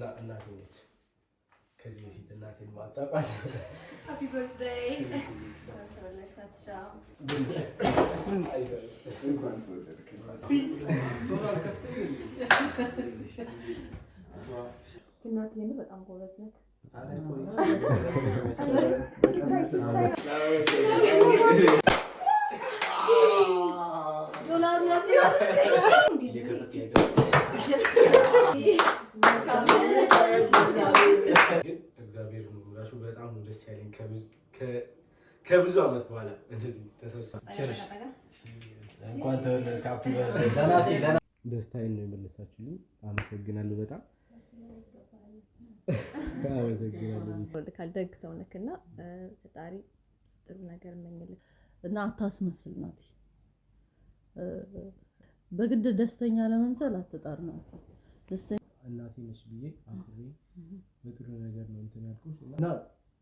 እናቴ ነች። ከዚህ በፊት እናቴን ማጣቋት እናቴን በጣም ጎበዝ ናት። ደስ ያለኝ ከብዙ አመት በኋላ እንደዚህ ተሰብሰብ እንኳን ተወለድ ደስታዬን ነው የመለሳችሁልኝ። አመሰግናለሁ በጣም አመሰግናለሁ። ደግ ሰው ነህ እና ፈጣሪ ጥሩ ነገር እመኝልህ እና አታስመስል ናት። በግድ ደስተኛ ለመምሰል አትጣር ነው ደስተኛ እናቴ ነች ብዬ አክብሬ በጥሩ ነገር ነው እንትን ያልኩት እና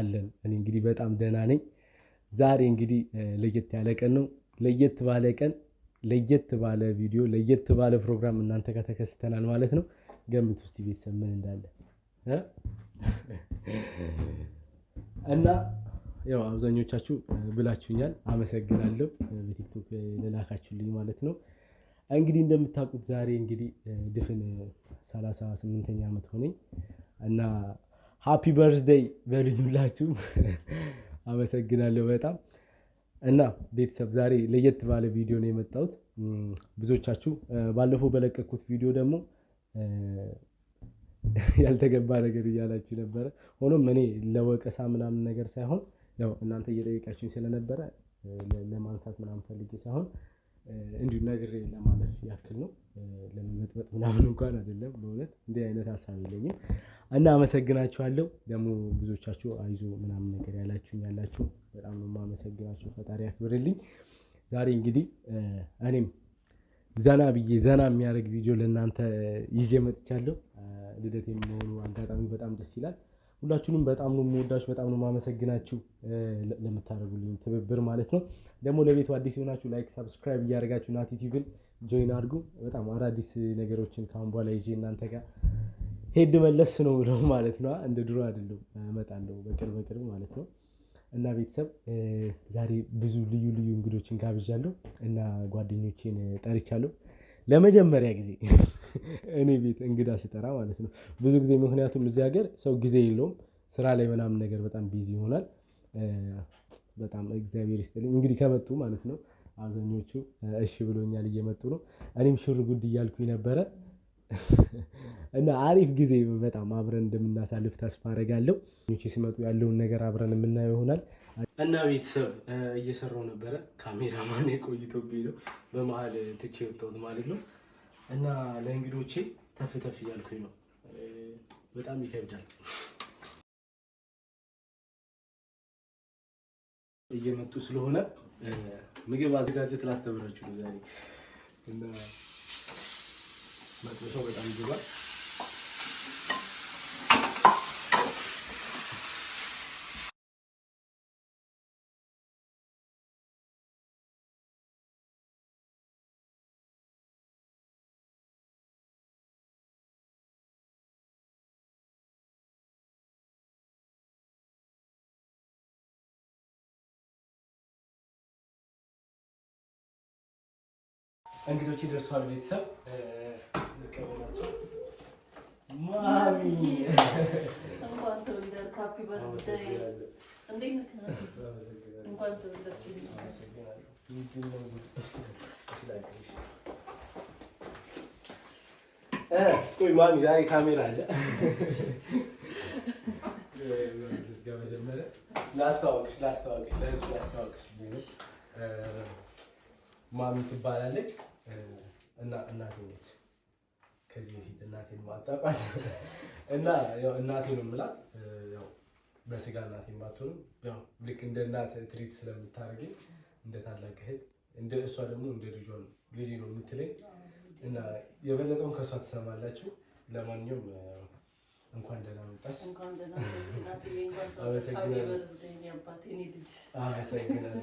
አለን። እኔ እንግዲህ በጣም ደህና ነኝ። ዛሬ እንግዲህ ለየት ያለ ቀን ነው። ለየት ባለ ቀን፣ ለየት ባለ ቪዲዮ፣ ለየት ባለ ፕሮግራም እናንተ ጋር ተከስተናል ማለት ነው። ገምት ውስጥ ቤተሰብ ምን እንዳለ እና ያው አብዛኞቻችሁ ብላችሁኛል፣ አመሰግናለሁ። በቲክቶክ ልላካችሁልኝ ማለት ነው። እንግዲህ እንደምታውቁት ዛሬ እንግዲህ ድፍን ሰላሳ ስምንተኛ ዓመት ሆነኝ እና ሀፒ በርዝደይ በልዩላችሁ አመሰግናለሁ በጣም እና ቤተሰብ ዛሬ ለየት ባለ ቪዲዮ ነው የመጣሁት። ብዙዎቻችሁ ባለፈው በለቀኩት ቪዲዮ ደግሞ ያልተገባ ነገር እያላችሁ ነበረ። ሆኖም እኔ ለወቀሳ ምናምን ነገር ሳይሆን ያው እናንተ እየጠየቃችሁኝ ስለነበረ ለማንሳት ምናምን ፈልጌ ሳይሆን እንዲሁ ነግሬ ለማለት ያክል ነው። ለመመጥመጥ ምናምን እንኳን አይደለም። በእውነት እንዲህ አይነት ሀሳብ የለኝም እና አመሰግናችኋለሁ። ደግሞ ብዙዎቻችሁ አይዞ ምናምን ነገር ያላችሁ ያላችሁ በጣም ነው የማመሰግናችሁ። ፈጣሪ ያክብርልኝ። ዛሬ እንግዲህ እኔም ዘና ብዬ ዘና የሚያደርግ ቪዲዮ ለእናንተ ይዤ መጥቻለሁ። ልደት የሚሆኑ አጋጣሚ በጣም ደስ ይላል። ሁላችሁንም በጣም ነው የምወዳችሁ፣ በጣም ነው የማመሰግናችሁ ለምታደርጉልኝ ትብብር ማለት ነው። ደግሞ ለቤቱ አዲስ የሆናችሁ ላይክ፣ ሰብስክራይብ እያደረጋችሁ ናቲ ቲቪን ጆይን አድርጉ። በጣም አዳዲስ ነገሮችን ከአሁን በኋላ ይዤ እናንተ ጋር ሄድ መለስ ነው ብለው ማለት ነው። እንደ ድሮ አይደለም እመጣለሁ በቅርብ በቅርብ ማለት ነው። እና ቤተሰብ ዛሬ ብዙ ልዩ ልዩ እንግዶችን ጋብዣለሁ እና ጓደኞቼን ጠርቻለሁ ለመጀመሪያ ጊዜ እኔ ቤት እንግዳ ሲጠራ ማለት ነው። ብዙ ጊዜ ምክንያቱም እዚህ ሀገር ሰው ጊዜ የለውም ስራ ላይ ምናምን ነገር በጣም ቢዚ ይሆናል። በጣም እግዚአብሔር ይስጥልኝ እንግዲህ ከመጡ ማለት ነው። አብዛኞቹ እሺ ብሎኛል እየመጡ ነው። እኔም ሽር ጉድ እያልኩኝ ነበረ። እና አሪፍ ጊዜ በጣም አብረን እንደምናሳልፍ ተስፋ አደርጋለሁ። ሲመጡ ያለውን ነገር አብረን የምናየው ይሆናል። እና ቤተሰብ እየሰራው ነበረ። ካሜራማን የቆይቶብኝ ነው በመሀል ትቼ ወጣሁት ማለት ነው። እና ለእንግዶቼ ተፍ ተፍ እያልኩኝ ነው። በጣም ይከብዳል። እየመጡ ስለሆነ ምግብ አዘጋጀት ላስተምራችሁ ነው ዛሬ እና መጥበሻው በጣም ይገባል። እንግዶች ደርሰዋል። ቤተሰብ ቀበላቸው። ማሚ እንኳን ማሚ፣ ዛሬ ካሜራ አለ። ላስታወቅሽ ላስታወቅሽ ለህዝብ ላስታወቅሽ ማሚ ትባላለች። እና እናቴ ነች። ከዚህ በፊት እናቴን ማጣቋት እና ያው እናቴ ነው የምላት ያው በስጋ እናቴ ባትሆንም ያው ልክ እንደ እናት ትሪት ስለምታደርገኝ እንደ ታላቅ እህት እንደ እሷ ደግሞ እንደ ልጇ ነው ልጅ ነው የምትለኝ እና የበለጠውን ከእሷ ትሰማላችሁ። ለማንኛውም እንኳን ደህና መጣሽ። አመሰግናለሁ።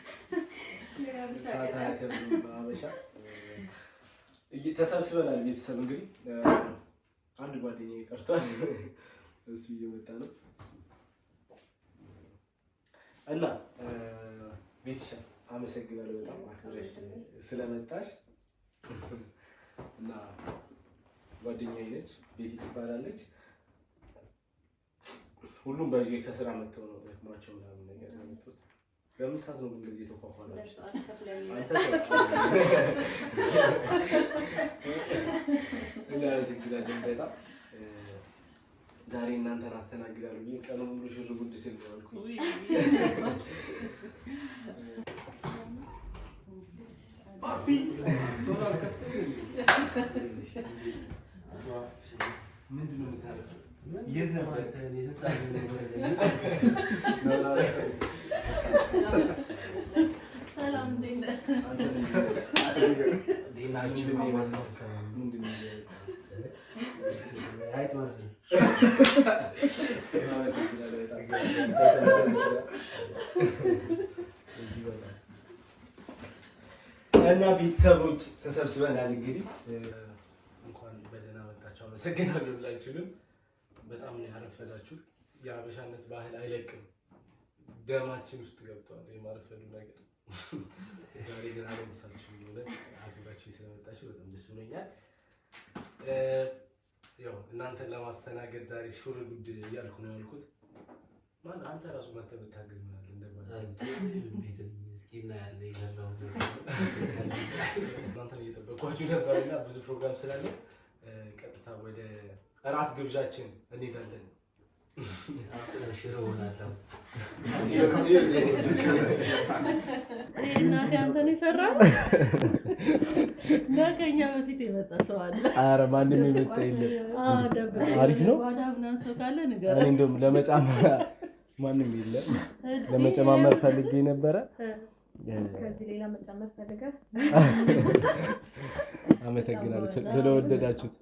ሰዓት አያከብድም በሀበሻ ተሰብስበናል። ቤተሰብ እንግዲህ አንድ ጓደኛ ቀርቷል፣ እሱ እየመጣ ነው እና ቤትሻ አመሰግናለሁ በጣም አክብረሽ ስለመጣሽ እና ጓደኛዬ ነች፣ ቤቲ ትባላለች። ሁሉም በዚህ ከስራ መጥተው ነው ደክሟቸው ምናምን ነገር ያመጡት በምን ሰዓት ነው እንደዚህ የተኳኋላችሁ? ዛሬ እናንተን አስተናግዳለሁ ብዬ ቀኑ ሙሉ ሽር ጉድ ስል ነው ያልኩት። ምንድን ነው የምታደርገው? የት ነበር እና ቤተሰቦች ተሰብስበናል። እንግዲህ እንኳን በደህና መጣችሁ። አመሰግናለሁ ሁላችሁንም። በጣም ነው ያረፈዳችሁ። የሀበሻነት ባህል አይለቅም። ደማችን ውስጥ ገብተዋል የማረፈሉ ነገር። ዛሬ ግን አለመሳችሁ ሆነ አብራችሁ ስለመጣችሁ በጣም ደስ ብሎኛል። ያው እናንተን ለማስተናገድ ዛሬ ሹር ጉድ እያልኩ ነው ያልኩት። ማን አንተ ራሱ መተህ ብታገዝ ምናምን እናንተን እየጠበኳችሁ ነበር እና ብዙ ፕሮግራም ስላለ ቀጥታ ወደ እራት ግብዣችን እንሄዳለን። እናቴ አንተን የመጣ ሰው አለ? ማንም የመጣ የለም። አሪፍ ነው። እንደውም ማንም የለም። ለመጨማመር ፈልጌ ነበረ ከዚህ ሌላ መጨመር ፈልገህ? አመሰግናለሁ ስለወደዳችሁት።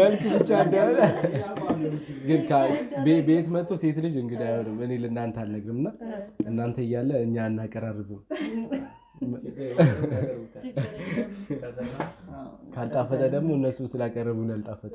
መልክ ብቻ እንደሆነ ግን ቤት መጥቶ ሴት ልጅ እንግዲህ አይሆንም። እኔ ለእናንተ አልነግርም እና እናንተ እያለ እኛ እናቀራርብም። ካልጣፈጠ ደግሞ እነሱ ስላቀረቡን አልጣፈጠ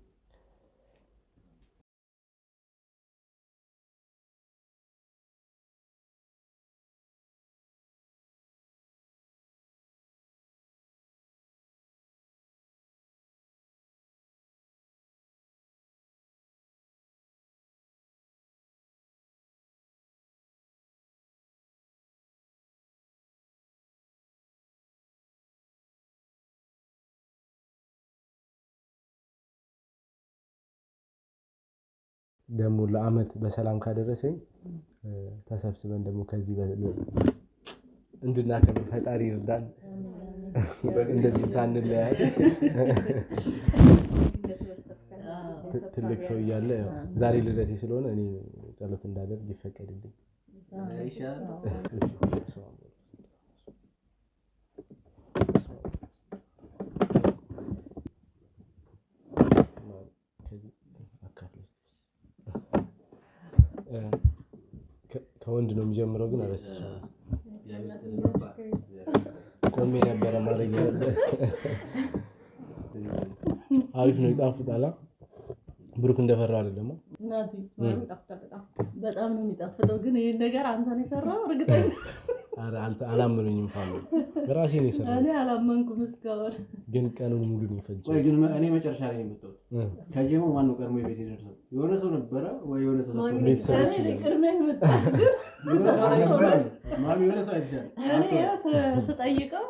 ደግሞ ለአመት በሰላም ካደረሰኝ ተሰብስበን ደግሞ ከዚህ እንድናከብር ፈጣሪ ይርዳን። እንደዚህ ሳንለያል ትልቅ ሰው እያለ ዛሬ ልደቴ ስለሆነ እኔ ጸሎት እንዳደርግ ይፈቀድልኝ። ከወንድ ነው የሚጀምረው፣ ግን አረስቻለሁ። ቆሜ ነበረ ማድረግ አሪፍ ነው፣ ይጣፍጣል። ብሩክ እንደፈራ አይደለም። በጣም ነው የሚጣፍጠው። ግን ይህን ነገር አንተ ነው የሰራው? እርግጠኛ አላመኑኝም። ፋሚ በራሴ ነው የሰራው። እኔ አላመንኩም እስካሁን። ግን ቀኑን ሙሉ ነው የፈጀው። እኔ መጨረሻ ላይ ነው የመጣሁት። ከጀመው ማነው ቀድሞ የቤት የደረሰው? የሆነ ሰው ነበረ ወይ የሆነ ሰው ነበረ ቅድሚያ ማሚ የሆነ ሰው ስጠይቀው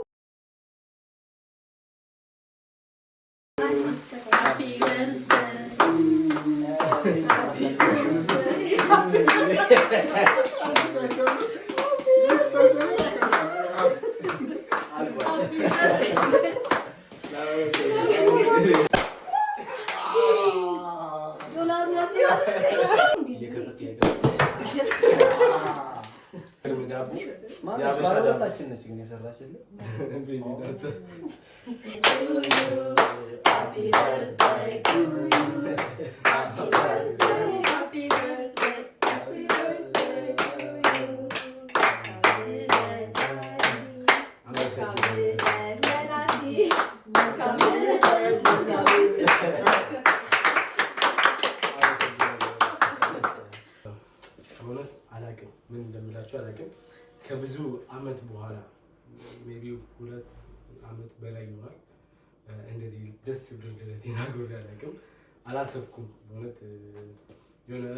ባለቤታችን ነች ግን የሰራችልኝ። Happy birthday to you. Happy birthday እንደዚህ ደስ ብሎኝ ደረቴን አጉሬ አላውቅም። አላሰብኩም በእውነት የሆነ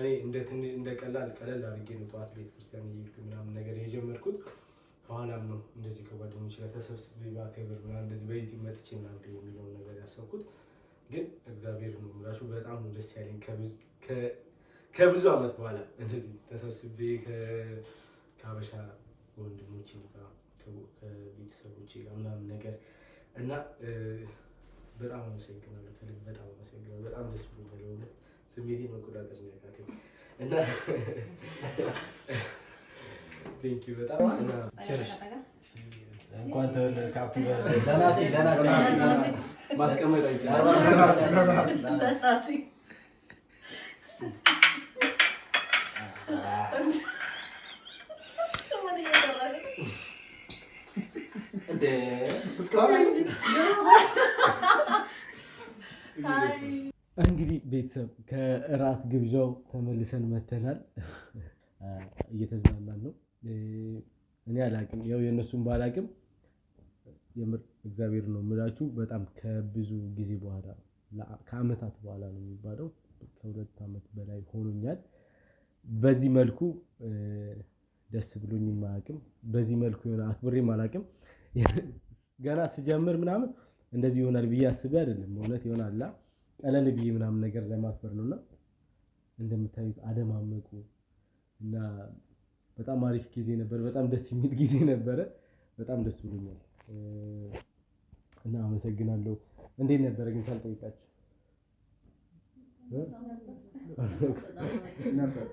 እኔ እንደ ቀላል ቀለል አድርጌ ነው ጠዋት ቤተክርስቲያን እየሄድኩ ምናምን ነገር የጀመርኩት። ከኋላም ነው እንደዚህ ከጓደኞች ጋር ተሰብስቤ በአከብር ምናምን እንደዚህ በዩቲዩብ መጥቼ ምናምን የሚለውን ነገር ያሰብኩት ግን እግዚአብሔር ነው የምላችሁ በጣም ደስ ያለኝ ከብዙ ዓመት በኋላ እንደዚህ ተሰብስቤ ከሀበሻ ወንድሞቼ ጋር ከቤተሰቦቼ ጋር ምናምን ነገር እና በጣም አመሰግናለሁ። ከልብ በጣም አመሰግናለሁ። በጣም ደስ ብሎኛል። የሆነ ስሜቴ መቆጣጠር ነው ያቃተኝ እና ቴንክ ዩ በጣም እና ቸርሽ እንኳን ተወለድክ። ካፒ በርዝዴይ ለናቲ ለናቲ ማስቀመጥ አይቻልም። እንግዲህ ቤተሰብ ከእራት ግብዣው ተመልሰን መተናል። እየተዝናናን ነው። እኔ አላቅም ያው የእነሱን ባላቅም የምር እግዚአብሔር ነው የምላችሁ። በጣም ከብዙ ጊዜ በኋላ ከአመታት በኋላ ነው የሚባለው ከሁለት ዓመት በላይ ሆኖኛል። በዚህ መልኩ ደስ ብሎኝ አያውቅም። በዚህ መልኩ የሆነ አክብሬም አላውቅም። ገና ስጀምር ምናምን እንደዚህ ይሆናል ብዬ አስቤ አይደለም። እውነት ይሆናላ ቀለል ብዬ ምናምን ነገር ለማክበር ነው እና እንደምታዩት አደማመቁ እና በጣም አሪፍ ጊዜ ነበር። በጣም ደስ የሚል ጊዜ ነበረ። በጣም ደስ ብሎኛል እና አመሰግናለሁ። እንዴት ነበረ ግን ሳልጠይቃችሁ?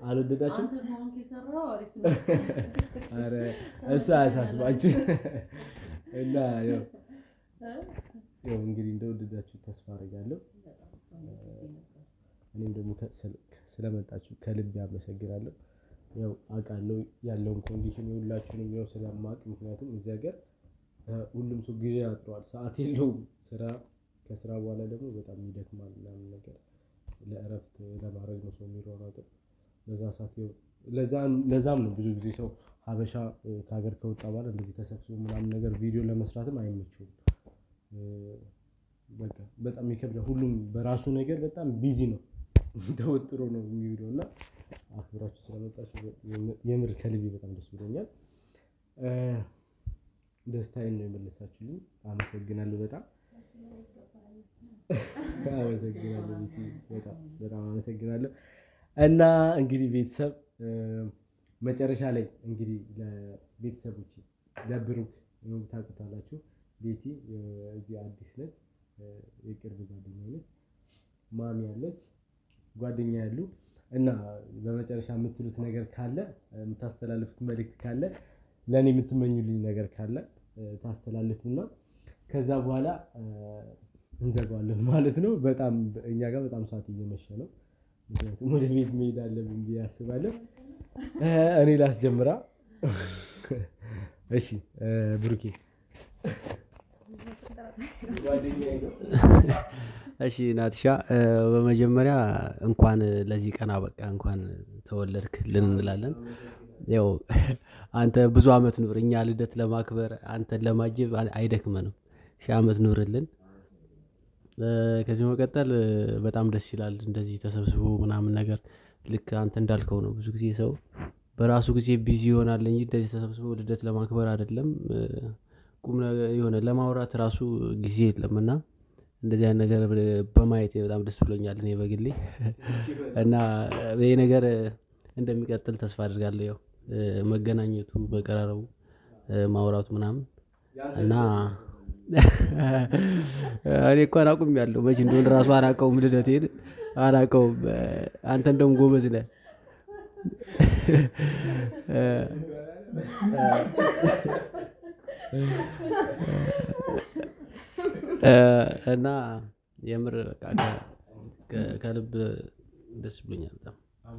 አልወደዳችሁ ኧረ እሱ አያሳስባችሁ። እና ያው ያው እንግዲህ እንደወደዳችሁ ተስፋ አደርጋለሁ። እኔም ደግሞ ስለመጣችሁ ከልብ አመሰግናለሁ። ያው አውቃለሁ ያለውን ኮንዲሽን የሁላችሁንም ያው ስለማቅ፣ ምክንያቱም እዚህ ሀገር ሁሉም ሰው ጊዜ አጥሯል፣ ሰዓት የለውም። ስራ ከስራ በኋላ ደግሞ በጣም ይደክማል ምናምን ነገር ለእረፍት ለማድረግ ነው ሰው የሚሮጠው። በዛ ሰዓት ለዛም ነው ብዙ ጊዜ ሰው ሀበሻ ከሀገር ከወጣ በኋላ እንደዚህ ተሰብስቦ ምናምን ነገር ቪዲዮ ለመስራትም አይመቸውም። በቃ በጣም ይከብዳል። ሁሉም በራሱ ነገር በጣም ቢዚ ነው፣ ተወጥሮ ነው የሚውለው እና አክብራችሁ ስለመጣችሁ የምር ከልቤ በጣም ደስ ብሎኛል። ደስታዬን ነው የመለሳችሁልኝ። አመሰግናለሁ። በጣም አመሰግናለሁ። በጣም አመሰግናለሁ እና እንግዲህ ቤተሰብ መጨረሻ ላይ እንግዲህ ለቤተሰቦች ለብሩክ ታውቁታላችሁ። ቤቲ እዚህ አዲስ ነች፣ የቅርብ ጓደኛ ነች፣ ማሚ ያለች ጓደኛ ያሉ እና በመጨረሻ የምትሉት ነገር ካለ የምታስተላልፉት መልእክት ካለ ለእኔ የምትመኙልኝ ነገር ካለ ታስተላልፉና ከዛ በኋላ እንዘጋዋለን ማለት ነው። በጣም እኛ ጋር በጣም ሰዓት እየመሸ ነው፣ ምክንያቱም ወደ ቤት መሄድ አለብን ብዬ አስባለሁ። እኔ ላስጀምራ። እሺ ብሩኬ። እሺ ናትሻ፣ በመጀመሪያ እንኳን ለዚህ ቀን አበቃ እንኳን ተወለድክ ልንላለን። ያው አንተ ብዙ አመት ኑር፣ እኛ ልደት ለማክበር አንተን ለማጀብ አይደክመንም። ሺህ አመት ኑርልን። ከዚህ መቀጠል በጣም ደስ ይላል እንደዚህ ተሰብስቦ ምናምን ነገር ልክ አንተ እንዳልከው ነው። ብዙ ጊዜ ሰው በራሱ ጊዜ ቢዚ ይሆናል እንጂ እንደዚህ ተሰብስቦ ልደት ለማክበር አይደለም ቁም የሆነ ለማውራት ራሱ ጊዜ የለም። እና እንደዚህ አይነት ነገር በማየት በጣም ደስ ብሎኛል እኔ በግሌ እና ይህ ነገር እንደሚቀጥል ተስፋ አድርጋለሁ። ያው መገናኘቱ መቀራረቡ ማውራቱ ምናምን እና እኔ እንኳን ያለው መቼ እንደሆነ ራሱ አላውቀውም ልደቴን አላውቀውም። አንተ እንደውም ጎበዝ ነህ። እና የምር በቃ ከልብ ደስ ብሎኛል። በጣም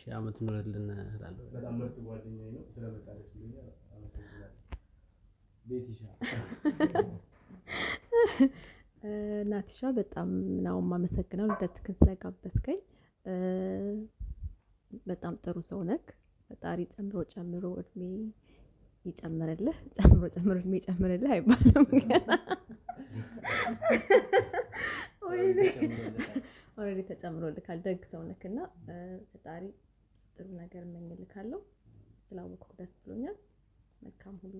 ሺህ ዓመት ኑረልን እላለሁ። ናቲሻ በጣም ነው የማመሰግነው ልደትክን ስለጋበዝከኝ። በጣም ጥሩ ሰው ነክ። ፈጣሪ ጨምሮ ጨምሮ እድሜ ይጨምርልህ። ጨምሮ ጨምሮ እድሜ ይጨምርልህ አይባልም ገና ኦልሬዲ ተጨምሮልካል። ደግ ሰው ነክ እና ፈጣሪ ጥሩ ነገር እመኝልካለሁ። ስላወቅኩ ደስ ብሎኛል። መልካም ሁሉ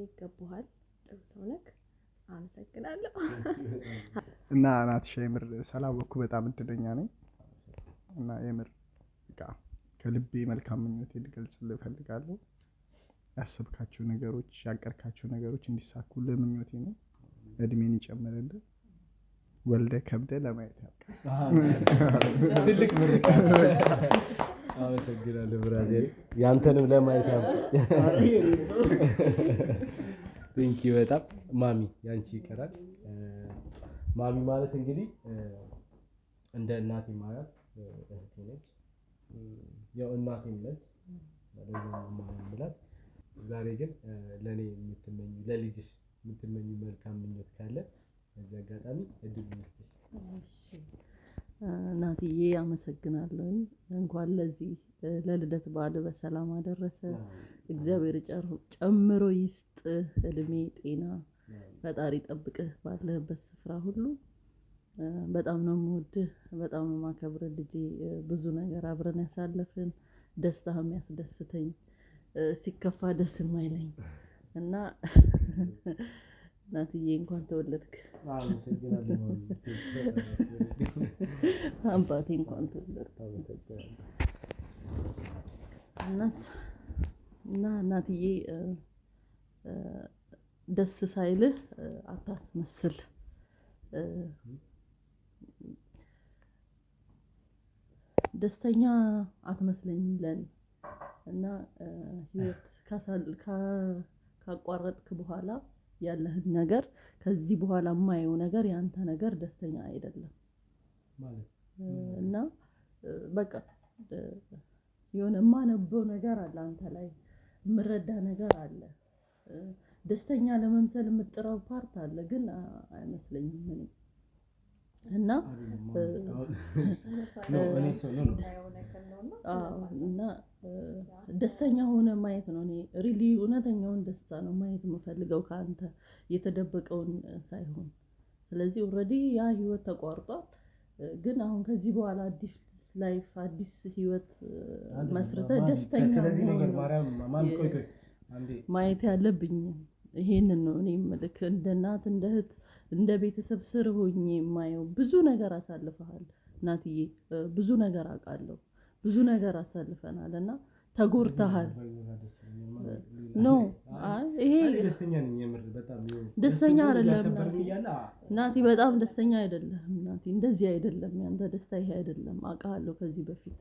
ይገባሃል። ጥሩ ሰው ነክ። አመሰግናለሁ። እና ናትሻ የምር ስላወቅኩ በጣም እድለኛ ነኝ። እና የምር በቃ ከልቤ መልካም ምኞት ልገልጽልህ እፈልጋለሁ። ያሰብካቸው ነገሮች፣ ያቀርካቸው ነገሮች እንዲሳኩ ለምኞቴ ነው። እድሜን ይጨምርልህ። ወልደ ከብደ ለማየት ያውቃል። ትልቅ ምርቃት። አመሰግናለሁ ብራዘር፣ ያንተንም ለማየት ያውቃል። በጣም ማሚ ያንቺ ይቀራል። ማሚ ማለት እንግዲህ እንደ እናቴ ማለት እህቴ ነች። ያው እናቴም ነች። ምላት ዛሬ ግን ለእኔ የምትመኝ ለልጅሽ የምትመኝ መልካም ምኞት ካለ በዚህ አጋጣሚ እድል ይመስልሽ። እናትዬ አመሰግናለሁ። እንኳን ለዚህ ለልደት በዓል በሰላም አደረሰ። እግዚአብሔር ጨምሮ ይስጥ እድሜ ጤና ፈጣሪ ጠብቅህ ባለህበት ስፍራ ሁሉ። በጣም ነው የምወድህ፣ በጣም ነው የማከብርህ ልጄ። ብዙ ነገር አብረን ያሳለፍን፣ ደስታ ያስደስተኝ፣ ሲከፋ ደስ የማይለኝ እና እናትዬ እንኳን ተወለድክ፣ አባቴ እንኳን ተወለድክ። እና እናትዬ ደስ ሳይልህ አታስመስል። ደስተኛ አትመስለኝ ለኔ እና ህይወት ካቋረጥክ በኋላ ያለህን ነገር ከዚህ በኋላ የማየው ነገር ያንተ ነገር ደስተኛ አይደለም እና በቃ የሆነ የማነበው ነገር አለ አንተ ላይ የምረዳ ነገር አለ ደስተኛ ለመምሰል የምጥረው ፓርት አለ፣ ግን አይመስለኝም እኔ እና እና ደስተኛ ሆነ ማየት ነው። እኔ ሪሊ እውነተኛውን ደስታ ነው ማየት የምፈልገው ከአንተ የተደበቀውን ሳይሆን። ስለዚህ ኦልሬዲ ያ ህይወት ተቋርጧል፣ ግን አሁን ከዚህ በኋላ አዲስ ላይፍ አዲስ ህይወት መስርተ ደስተኛ ማየት ያለብኝ ይሄንን ነው እኔ ልክ እንደ እናት እንደ እህት እንደ ቤተሰብ ስር ሆኜ የማየው ብዙ ነገር አሳልፈሃል እናትዬ፣ ብዙ ነገር አውቃለሁ፣ ብዙ ነገር አሳልፈናል እና ተጎድተሃል። ኖ ይሄ ደስተኛ አይደለም እናቴ፣ በጣም ደስተኛ አይደለም እናቴ። እንደዚህ አይደለም ያንተ ደስታ፣ ይሄ አይደለም አውቃለሁ ከዚህ በፊት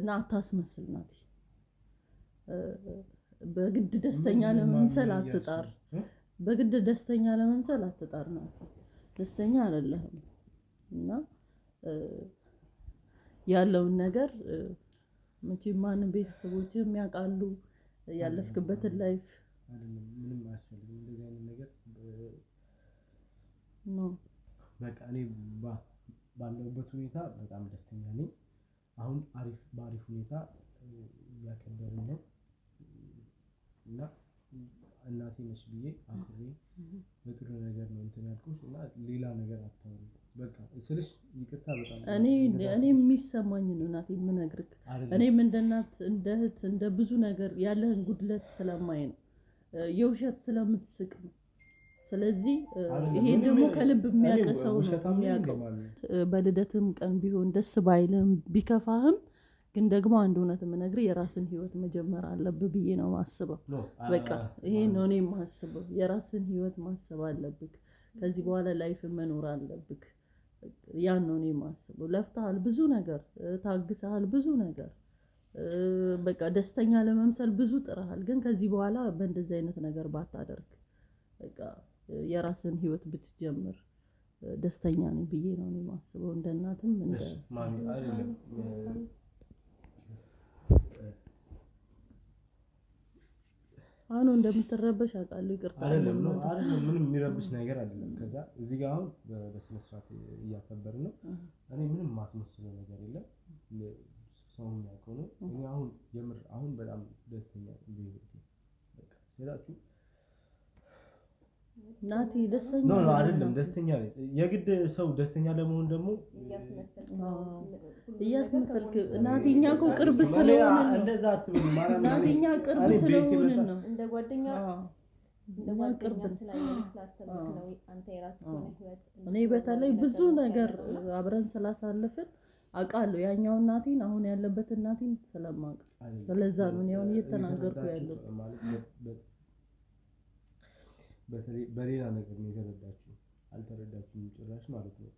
እና አታስመስል ናቴ በግድ ደስተኛ ለመምሰል አትጣር። በግድ ደስተኛ ለመምሰል አትጣር ማለት ነው። ደስተኛ አይደለህም እና ያለውን ነገር መቼም ማንም ቤተሰቦችህም ያውቃሉ ያለፍክበትን ላይፍ ምንም አያስፈልግም። እንደዚህ አይነት ነገር በቃ እኔ ባለሁበት ሁኔታ በጣም ደስተኛ ነኝ። አሁን አሪፍ በአሪፍ ሁኔታ እያከበርን ነው። እና እናቴ ነሽ ብዬ አክብሬ በጥሩ ነገር ነው እንትን ያልኩሽ እና ሌላ ነገር አታወሪ በቃ ስልሽ ይቅርታ በጣም እኔ እኔ የሚሰማኝ ነው እናቴ የምነግርህ እኔም እንደ እናት እንደ እህት እንደ ብዙ ነገር ያለህን ጉድለት ስለማይ ነው የውሸት ስለምትስቅ ነው ስለዚህ ይሄ ደግሞ ከልብ የሚያቀሰው ነው የሚያውቀው በልደትም ቀን ቢሆን ደስ ባይልም ቢከፋህም ግን ደግሞ አንድ እውነት የምነግርህ የራስን ህይወት መጀመር አለብህ ብዬ ነው ማስበው። በቃ ይሄ ነው እኔ ማስበው። የራስን ህይወት ማሰብ አለብህ። ከዚህ በኋላ ላይፍ መኖር አለብህ። ያን ነው እኔ ማስበው። ለፍተሃል፣ ብዙ ነገር ታግሰሃል፣ ብዙ ነገር በቃ ደስተኛ ለመምሰል ብዙ ጥረሃል። ግን ከዚህ በኋላ በእንደዚህ አይነት ነገር ባታደርግ፣ በቃ የራስን ህይወት ብትጀምር ደስተኛ ነኝ ብዬ ነው እኔ ማስበው እንደ እናትም እንደ አሁን እንደምትረበሽ አውቃለሁ። ይቅርታ አይደለም ምንም የሚረብሽ ነገር አይደለም። ከዛ እዚህ ጋር አሁን በስነ ስርዓት እያከበርን ነው። እኔ ምንም ማስመስለው ነገር የለም። ሰው የሚያውቀው ነው። እኔ አሁን የምር አሁን በጣም ደስተኛ ነው። ናቲ ደስተኛ ነው አይደለም? ደስተኛ የግድ ሰው ደስተኛ ለመሆን ደግሞ እያስመሰልክ ናቲ፣ እኛ እኮ ቅርብ ስለሆነ ነው። እንደዛ ናቲ፣ እኛ ቅርብ ስለሆነ ነው። እንደ ጓደኛ ቅርብ እኔ በተለይ ብዙ ነገር አብረን ስላሳለፍን አውቃለሁ። ያኛውን ናቲን አሁን ያለበትን ናቲን ስለማውቅ ስለዛ ነው እኔ አሁን እየተናገርኩ ያለው በሌላ ነገር ነው የተረዳችሁ። አልተረዳችሁም ጭራሽ ማለት ነው።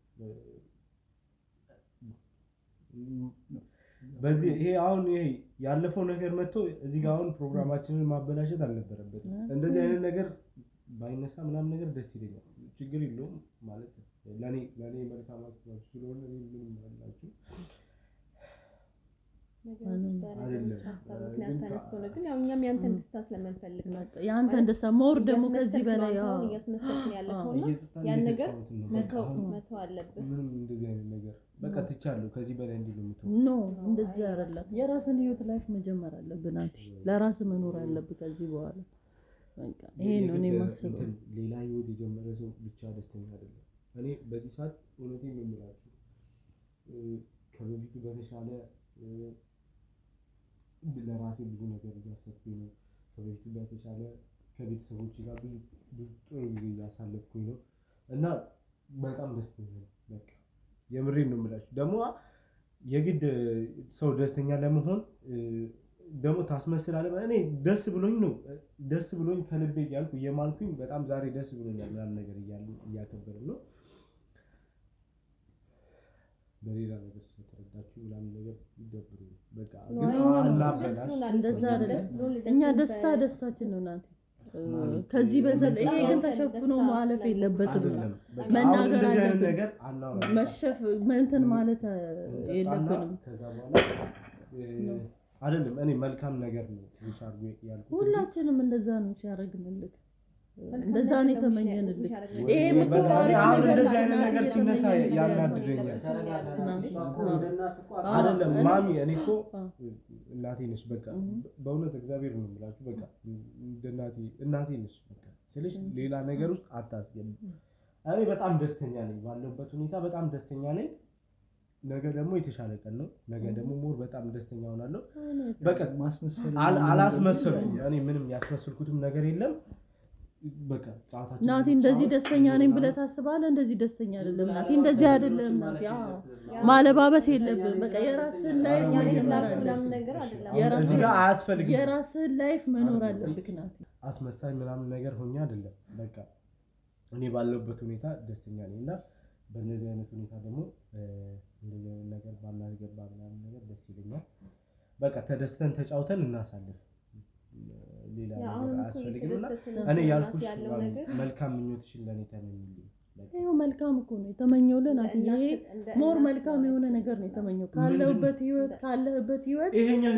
በዚህ ይሄ አሁን ይሄ ያለፈው ነገር መጥቶ እዚህ ጋር አሁን ፕሮግራማችንን ማበላሸት አልነበረበትም። እንደዚህ አይነት ነገር ባይነሳ ምናምን ነገር ደስ ይለኛል። ችግር የለውም ማለት ለእኔ መልካም ስለሆነ ምንም አላችሁ የአንተን ደስታ ሞር ደግሞ ከዚህ በላይ እያስመሰልክ ያለከው ያን ነገር መተው አለብህ። በቃ ትቻለሁ በላይ ኖ እንደዚህ አይደለም። የራስን ህይወት ላይፍ መጀመር አለብህ ናቲ። ለራስ መኖር አለብህ ከዚህ በኋላ ይሄ ነው እኔ የማስበው። ሌላ ህይወት የጀመረ ሰው ብቻ ደስተኛ አይደለም። እኔ በዚህ ሰዓት እውነቴን ነው የምላችሁ ከበፊቱ በተሻለ ለራሴ ብዙ ነገር እያሰብኩኝ ነው። ከበፊቱ በተሻለ ከቤተሰቦች ጋር ብዙ ጥሩ ጊዜ እያሳለፍኩኝ ነው እና በጣም ደስተኛ ነኝ። በቃ የምሬን ነው የምላችሁ። ደግሞ የግድ ሰው ደስተኛ ለመሆን ደግሞ ታስመስላለህ። እኔ ደስ ብሎኝ ነው ደስ ብሎኝ ከልቤ እያልኩ እየማልኩኝ በጣም ዛሬ ደስ ብሎኛል ምናምን ነገር እያሉ እያከበሩ ነው በሌላ ነገር ስለተረዳችሁ ምናምን ነገር ይደብሩ። በቃ እኛ ደስታ ደስታችን ነው ናት። ከዚህ በዘለ ይሄ ግን ተሸፍኖ ማለፍ የለበትም። መናገር አለብን፣ መሸፍ እንትን ማለት የለብንም። አይደለም እኔ መልካም ነገር ነው ሁላችንም እንደዛ ነው ሲያደርግንልህ እንደዛ ነው የተመኘንልህ። ይሄ እኮ አሁን እንደዚህ አይነት ነገር ሲነሳ ያናድደኛል። አይደለም ማሚ፣ እኔ እኮ እናቴ ነሽ። በቃ በእውነት እግዚአብሔር ነው የምላችሁ። በቃ እንደናቴ እናቴ ነሽ። በቃ ስልሽ ሌላ ነገር ውስጥ አታስገቢ። እኔ በጣም ደስተኛ ነኝ፣ ባለሁበት ሁኔታ በጣም ደስተኛ ነኝ። ነገ ደግሞ የተሻለ ቀን ነው። ነገ ደግሞ ሞር በጣም ደስተኛ ሆናለሁ። በቃ አላስመሰልኩም። እኔ ምንም ያስመስልኩትም ነገር የለም። ናቲ እንደዚህ ደስተኛ ነኝ ብለህ ታስባለህ? እንደዚህ ደስተኛ አይደለም ናቲ፣ እንደዚህ አይደለም አዎ ማለባበስ የለብህም በቃ የራስህን ላይፍ ነገር የራስህን ላይፍ መኖር አለብህ ናቲ። አስመሳይ ምናምን ነገር ሆኜ አይደለም በቃ እኔ ባለሁበት ሁኔታ ደስተኛ ነኝ እና በእንደዚህ አይነት ሁኔታ ደግሞ እንደዚህ አይነት ነገር ባናገባ ምናምን ነገር ደስ ይለኛል። በቃ ተደስተን ተጫውተን እናሳለን። ሌላ ነገር አያስፈልግም። እና እኔ ያልኩሽ መልካም ምኞትሽን ለእኔ ተመኝልኝ ይኸው መልካም እኮ ነው የተመኘውልን አትዬ ሞር መልካም የሆነ ነገር ነው የተመኘው። ካለበት ህይወት ካለህበት ህይወት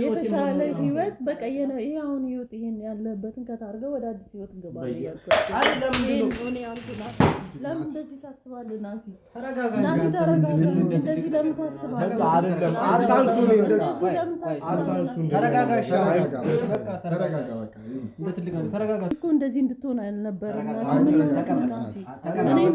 የተሻለ ህይወት በቃ ይሄ አሁን ህይወት ይሄን ያለህበትን ከታርገ ወደ አዲስ ህይወት እንገባለን። ለምን እንደዚህ ታስባለህ? እንደዚህ ለምን ታስባለህ? እንድትሆን አልነበረም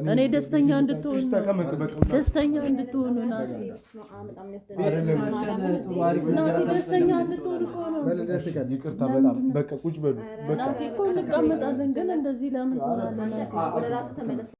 እኔ ደስተኛ እንድትሆን ደስተኛ እንድትሆን ናቲ ደስተኛ እንድትሆን እኮ ይቅርታ በጣም በቃ ቁጭ በሉ ናቲ እኮ እንቀመጣለን፣ ግን እንደዚህ ለምን ሆናለን?